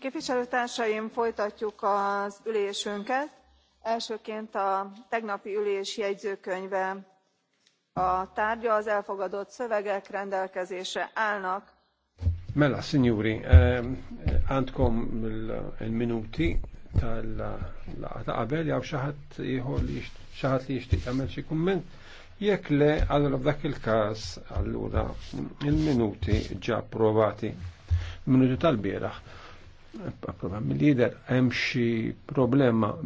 Képviselőtársaim, folytatjuk az ülésünket. Elsőként a tegnapi ülés jegyzőkönyve a tárgya, az elfogadott szövegek rendelkezésre állnak. Mela, signori, eh, antkom il-minuti tal-laqta qabel jew xaħat ieħor li xaħat li jixtieq jagħmel xi le, allura f'dak il-każ allura il-minuti ġa provati, Minuti tal-bieraħ approva mill-lider hemm problema